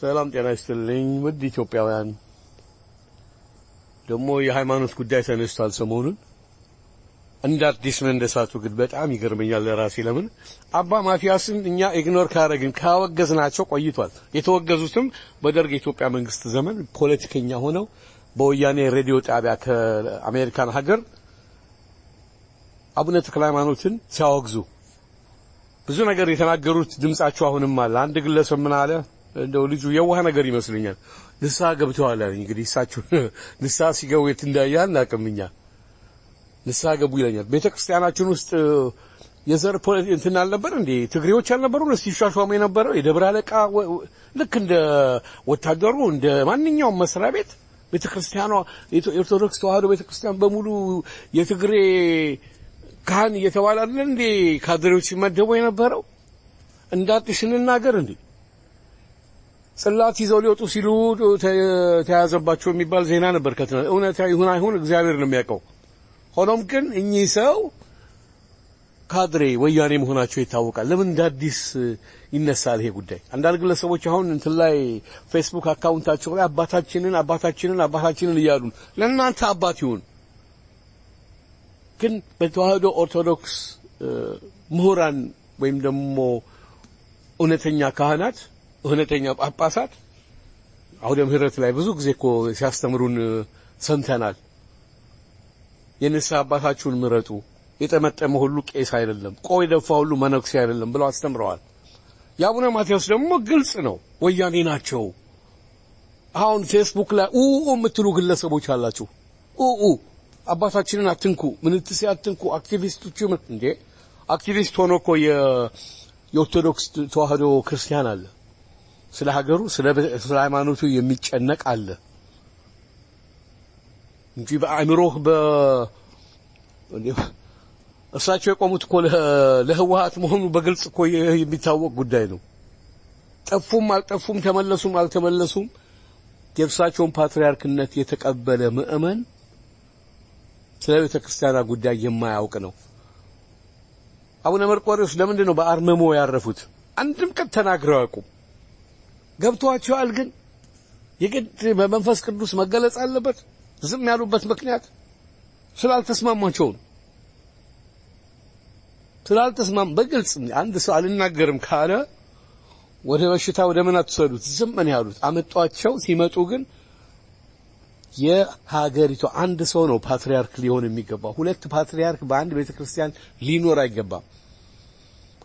ሰላም ጤና ይስጥልኝ ውድ ኢትዮጵያውያን። ደግሞ የሃይማኖት ጉዳይ ተነስቷል ሰሞኑን እንደ አዲስ መንደሳቱ ግን በጣም ይገርመኛል ለራሴ። ለምን አባ ማፊያስን እኛ ኢግኖር ካረግን ካወገዝናቸው ቆይቷል። የተወገዙትም በደርግ የኢትዮጵያ መንግስት ዘመን ፖለቲከኛ ሆነው በወያኔ ሬዲዮ ጣቢያ ከአሜሪካን ሀገር አቡነ ተክለ ሃይማኖትን ሲያወግዙ ብዙ ነገር የተናገሩት ድምጻቸው አሁንም አለ። አንድ ግለሰብ ምን አለ? እንደው ልጁ የዋህ ነገር ይመስለኛል። ንስሐ ገብተዋል አለኝ። እንግዲህ እሳቸው ንስሐ ሲገቡ የት እንዳያ እናቅምኛ ንስሐ ገቡ ይለኛል። ቤተክርስቲያናችን ውስጥ የዘር ፖለቲ እንትን አልነበር እንዴ? ትግሬዎች አልነበሩ? ሲሿሿሙ የነበረው የደብረ አለቃ ልክ እንደ ወታደሩ እንደ ማንኛውም መስሪያ ቤት ቤተ ቤተክርስቲያኗ የኦርቶዶክስ ተዋህዶ ቤተ ክርስቲያን በሙሉ የትግሬ ካህን እየተባለ አይደል እንዴ ካድሬዎች ሲመደቡ የነበረው? እንዳጥሽ እንናገር እንዴ? ጽላት ይዘው ሊወጡ ሲሉ ተያዘባቸው የሚባል ዜና ነበር። ከተ እውነት ይሁን አይሁን እግዚአብሔር ነው የሚያውቀው። ሆኖም ግን እኚህ ሰው ካድሬ ወያኔ መሆናቸው ይታወቃል። ለምን እንደ አዲስ ይነሳል ይሄ ጉዳይ? አንዳንድ ግለሰቦች አሁን እንትን ላይ ፌስቡክ አካውንታቸው ላይ አባታችንን አባታችንን አባታችንን እያሉ ለእናንተ አባት ይሁን ግን በተዋህዶ ኦርቶዶክስ ምሁራን ወይም ደግሞ እውነተኛ ካህናት እውነተኛ ጳጳሳት አውደ ምህረት ላይ ብዙ ጊዜ እኮ ሲያስተምሩን ሰምተናል። የንስሐ አባታችሁን ምረጡ፣ የጠመጠመ ሁሉ ቄስ አይደለም፣ ቆይ የደፋ ሁሉ መነኩሴ አይደለም ብለው አስተምረዋል። የአቡነ ማቴዎስ ደግሞ ግልጽ ነው፣ ወያኔ ናቸው። አሁን ፌስቡክ ላይ ኡ የምትሉ ግለሰቦች አላችሁ። ኡ አባታችንን አትንኩ፣ ምንትሴ አትንኩ፣ አክቲቪስቶች እንዴ! አክቲቪስት ሆኖ እኮ የኦርቶዶክስ ተዋህዶ ክርስቲያን አለ ስለ ሀገሩ ስለ ሃይማኖቱ የሚጨነቅ አለ እንጂ በአእምሮህ በ እሳቸው የቆሙት እኮ ለህወሀት መሆኑ በግልጽ እኮ የሚታወቅ ጉዳይ ነው። ጠፉም አልጠፉም ተመለሱም አልተመለሱም የእርሳቸውን ፓትርያርክነት የተቀበለ ምእመን ስለ ቤተ ክርስቲያና ጉዳይ የማያውቅ ነው። አቡነ መርቆሪዎስ ለምንድን ነው በአርመሞ ያረፉት? አንድም ቀን ተናግረው አያውቁም። ገብቷቸዋል። ግን የግድ በመንፈስ ቅዱስ መገለጽ አለበት። ዝም ያሉበት ምክንያት ስላልተስማማቸው ነው። ስላልተስማም በግልጽ አንድ ሰው አልናገርም ካለ ወደ በሽታ ወደ ምን አትሰዱት። ዝም ነው ያሉት። አመጧቸው። ሲመጡ ግን የሀገሪቱ አንድ ሰው ነው ፓትሪያርክ ሊሆን የሚገባው። ሁለት ፓትሪያርክ በአንድ ቤተክርስቲያን ሊኖር አይገባም።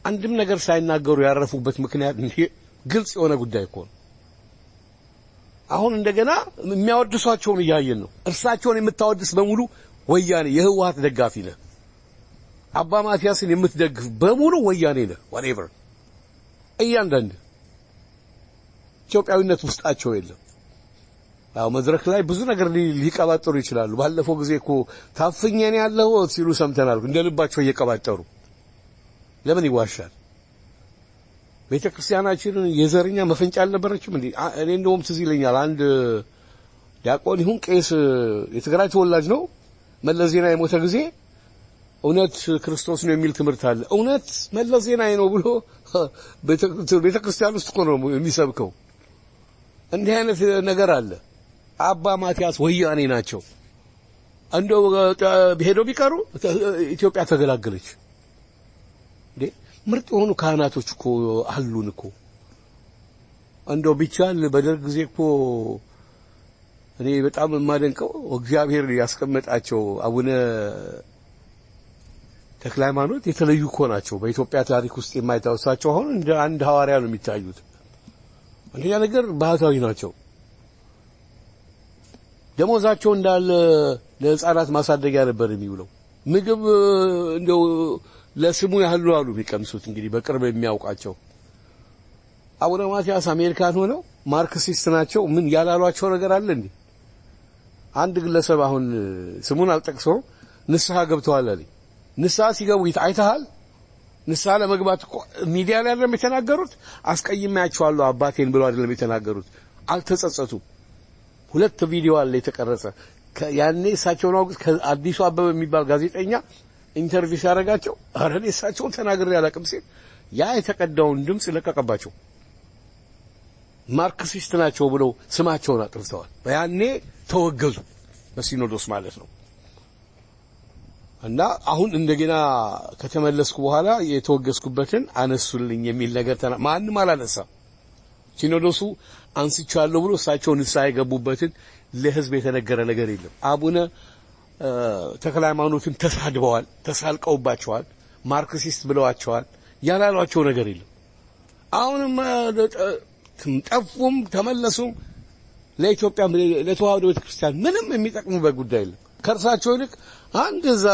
አንድም ነገር ሳይናገሩ ያረፉበት ምክንያት ግልጽ የሆነ ጉዳይ እኮ ነው። አሁን እንደገና የሚያወድሷቸውን እያየን ነው። እርሳቸውን የምታወድስ በሙሉ ወያኔ የህወሀት ደጋፊ ነህ። አባ ማቲያስን የምትደግፍ በሙሉ ወያኔ ነህ። ዋትኤቨር እያንዳንድ ኢትዮጵያዊነት ውስጣቸው የለም። አዎ መድረክ ላይ ብዙ ነገር ሊቀባጠሩ ይችላሉ። ባለፈው ጊዜ እኮ ታፍኜ ነው ያለሁት ሲሉ ሰምተናል። እንደ ልባቸው እየቀባጠሩ ለምን ይዋሻል? ቤተ ክርስቲያናችንን የዘረኛ መፈንጫ አልነበረችም እንዴ? እኔ እንደውም ትዝ ይለኛል አንድ ዲያቆን ይሁን ቄስ የትግራይ ተወላጅ ነው። መለስ ዜናዊ የሞተ ጊዜ እውነት ክርስቶስ ነው የሚል ትምህርት አለ። እውነት መለስ ዜናዊ ነው ብሎ ቤተ ክርስቲያን ውስጥ እኮ ነው የሚሰብከው። እንዲህ አይነት ነገር አለ። አባ ማቲያስ ወያኔ ናቸው። እንደው ሄደው ቢቀሩ ኢትዮጵያ ተገላገለች። ምርጥ የሆኑ ካህናቶች እኮ አሉን እኮ እንደው ቢቻል በደርግ ጊዜ እኮ እኔ በጣም የማደንቀው እግዚአብሔር ያስቀመጣቸው አቡነ ተክለ ሃይማኖት የተለዩ እኮ ናቸው። በኢትዮጵያ ታሪክ ውስጥ የማይታወሳቸው አሁን እንደ አንድ ሐዋርያ ነው የሚታዩት። አንደኛ ነገር ባህታዊ ናቸው። ደሞዛቸው እንዳለ ለህፃናት ማሳደጊያ ነበር የሚውለው። ምግብ እንደው ለስሙ ያህል ነው አሉ የሚቀምሱት። እንግዲህ በቅርብ የሚያውቃቸው አቡነ ማቲያስ አሜሪካን ሆነው ማርክሲስት ናቸው። ምን ያላሏቸው ነገር አለ እንዴ? አንድ ግለሰብ አሁን ስሙን አልጠቅሰውም ንስሐ ገብተዋል አለኝ። ንስሐ ሲገቡ አይተሃል? ንስሐ ለመግባት እኮ ሚዲያ ላይ አይደለም የተናገሩት። አስቀይሜያቸዋለሁ አባቴን ብለው አይደለም የተናገሩት። አልተጸጸቱም። ሁለት ቪዲዮ አለ የተቀረጸ ያኔ እሳቸውን አውቅ ከአዲሱ አበበ የሚባል ጋዜጠኛ ኢንተርቪው ሲያደርጋቸው ኧረ እኔ እሳቸውን ተናግሬ ሲል ያ የተቀዳውን ድምፅ ለቀቀባቸው። ማርክሲስት ናቸው ብለው ስማቸውን አጥርተዋል። ያኔ ተወገዙ በሲኖዶስ ማለት ነው። እና አሁን እንደገና ከተመለስኩ በኋላ የተወገዝኩበትን አነሱልኝ የሚል ነገር ተና ማንም አላነሳም። ሲኖዶሱ አንስቻለሁ ብሎ እሳቸው ንስሐ የገቡበትን ለህዝብ የተነገረ ነገር የለም። አቡነ ተክለ ሃይማኖትን ተሳድበዋል፣ ተሳልቀውባቸዋል፣ ማርክሲስት ብለዋቸዋል። ያላሏቸው ነገር የለም። አሁንም ጠፉም ተመለሱም ለኢትዮጵያ ለተዋህዶ ቤተክርስቲያን ምንም የሚጠቅሙበት ጉዳይ የለም። ከእርሳቸው ይልቅ አንድ እዛ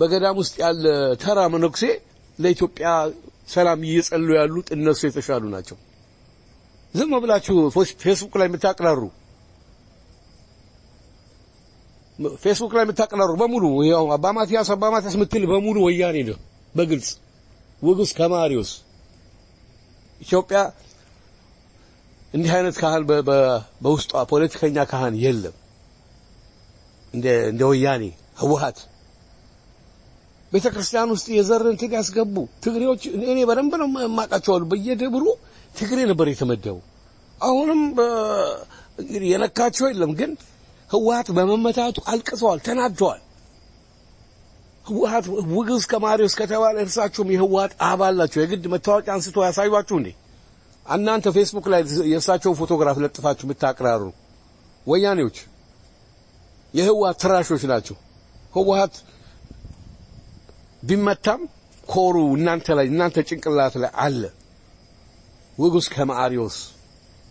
በገዳም ውስጥ ያለ ተራ መነኩሴ ለኢትዮጵያ ሰላም እየጸሉ ያሉት እነሱ የተሻሉ ናቸው። ዝም ብላችሁ ፌስቡክ ላይ የምታቅራሩ ፌስቡክ ላይ የምታቀናሩ በሙሉ ያው አባ ማቲያስ አባ ምትል በሙሉ ወያኔ ነው በግልጽ ውግስ ከማሪዮስ ኢትዮጵያ እንዲህ አይነት ካህን በውስጧ ፖለቲከኛ ካህን የለም። እንደ እንደ ወያኔ ህወሓት ቤተ ክርስቲያን ውስጥ የዘር እንትን ያስገቡ ትግሬዎች እኔ በደንብ ነው የማውቃቸው አሉ። በየደብሩ ትግሬ ነበር የተመደቡ። አሁንም እንግዲህ የነካቸው የለም ግን ህወሀት በመመታቱ አልቅሰዋል፣ ተናደዋል። ህወሀት ውግዝ ከማሪዎስ ከተባለ እርሳቸውም የህወሀት አባል ናቸው። የግድ መታወቂያ አንስቶ ያሳዩችሁ እንዴ? እናንተ ፌስቡክ ላይ የእርሳቸውን ፎቶግራፍ ለጥፋችሁ የምታቅራሩ ወያኔዎች የህወሀት ትራሾች ናቸው። ህወሀት ቢመታም ኮሩ እናንተ ላይ እናንተ ጭንቅላት ላይ አለ። ውጉስ ከማሪዎስ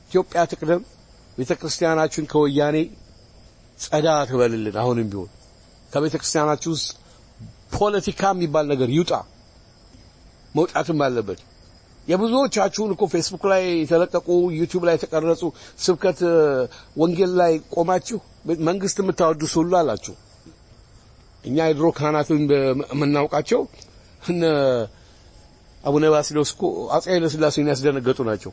ኢትዮጵያ ትቅደም ቤተክርስቲያናችን ከወያኔ ጸዳ ትበልልን። አሁንም ቢሆን ከቤተ ክርስቲያናችሁ ውስጥ ፖለቲካ የሚባል ነገር ይውጣ፣ መውጣትም አለበት። የብዙዎቻችሁን እኮ ፌስቡክ ላይ የተለቀቁ ዩቲዩብ ላይ የተቀረጹ ስብከት ወንጌል ላይ ቆማችሁ መንግስት የምታወድሱ ሁሉ አላችሁ። እኛ የድሮ ካህናትን የምናውቃቸው እነ አቡነ ባሲሎስ እኮ አፄ ኃይለስላሴን ያስደነገጡ ናቸው።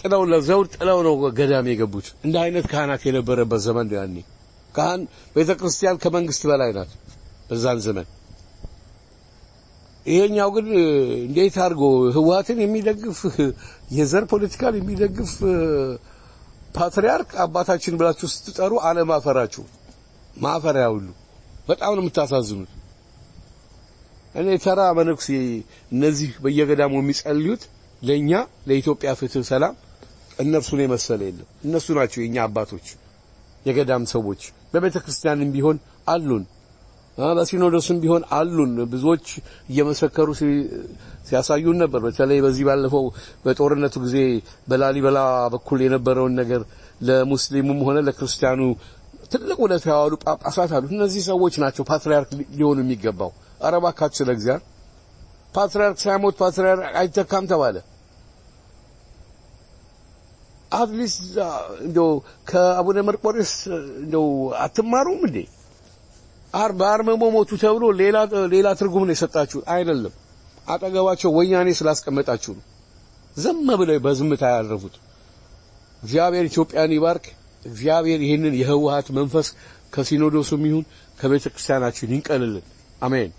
ጥለው ለዘውድ ጥለው ነው ገዳም የገቡት። እንደ አይነት ካህናት የነበረበት ዘመን ነው። ያኔ ካህን ቤተ ክርስቲያን ከመንግስት በላይ ናት በዛን ዘመን። ይሄኛው ግን እንዴት አድርጎ ህወሓትን የሚደግፍ የዘር ፖለቲካን የሚደግፍ ፓትሪያርክ አባታችን ብላችሁ ስትጠሩ አለማፈራችሁ ማፈሪያ ሁሉ በጣም ነው የምታሳዝኑት። እኔ ተራ መነኩሴ እነዚህ በየገዳሙ የሚጸልዩት ለኛ ለኢትዮጵያ ፍትህ፣ ሰላም እነርሱን የመሰለ የለም። እነሱ ናቸው የኛ አባቶች፣ የገዳም ሰዎች። በቤተ ክርስቲያንም ቢሆን አሉን፣ በሲኖዶስም ቢሆን አሉን። ብዙዎች እየመሰከሩ ሲያሳዩን ነበር። በተለይ በዚህ ባለፈው በጦርነቱ ጊዜ በላሊበላ በኩል የነበረውን ነገር ለሙስሊሙም ሆነ ለክርስቲያኑ ትልቅ ውለታ ያዋሉ ጳጳሳት አሉ። እነዚህ ሰዎች ናቸው ፓትርያርክ ሊሆኑ የሚገባው። አረባካችሁ ስለ እግዚአብሔር ፓትርያርክ ሳይሞት ፓትርያርክ አይተካም ተባለ። አትሊስት እንደው ከአቡነ መርቆሬዎስ እንደው አትማሩም እንዴ? በአርምሞ ሞቱ ተብሎ ሌላ ትርጉም ነው የሰጣችሁ አይደለም። አጠገባቸው ወያኔ ስላስቀመጣችሁ ነው ዝም ብለው በዝምታ ያረፉት። እግዚአብሔር ኢትዮጵያን ይባርክ። እግዚአብሔር ይህንን የህወሀት መንፈስ ከሲኖዶሱም ይሁን ከቤተ ክርስቲያናችን ይንቀልልን። አሜን።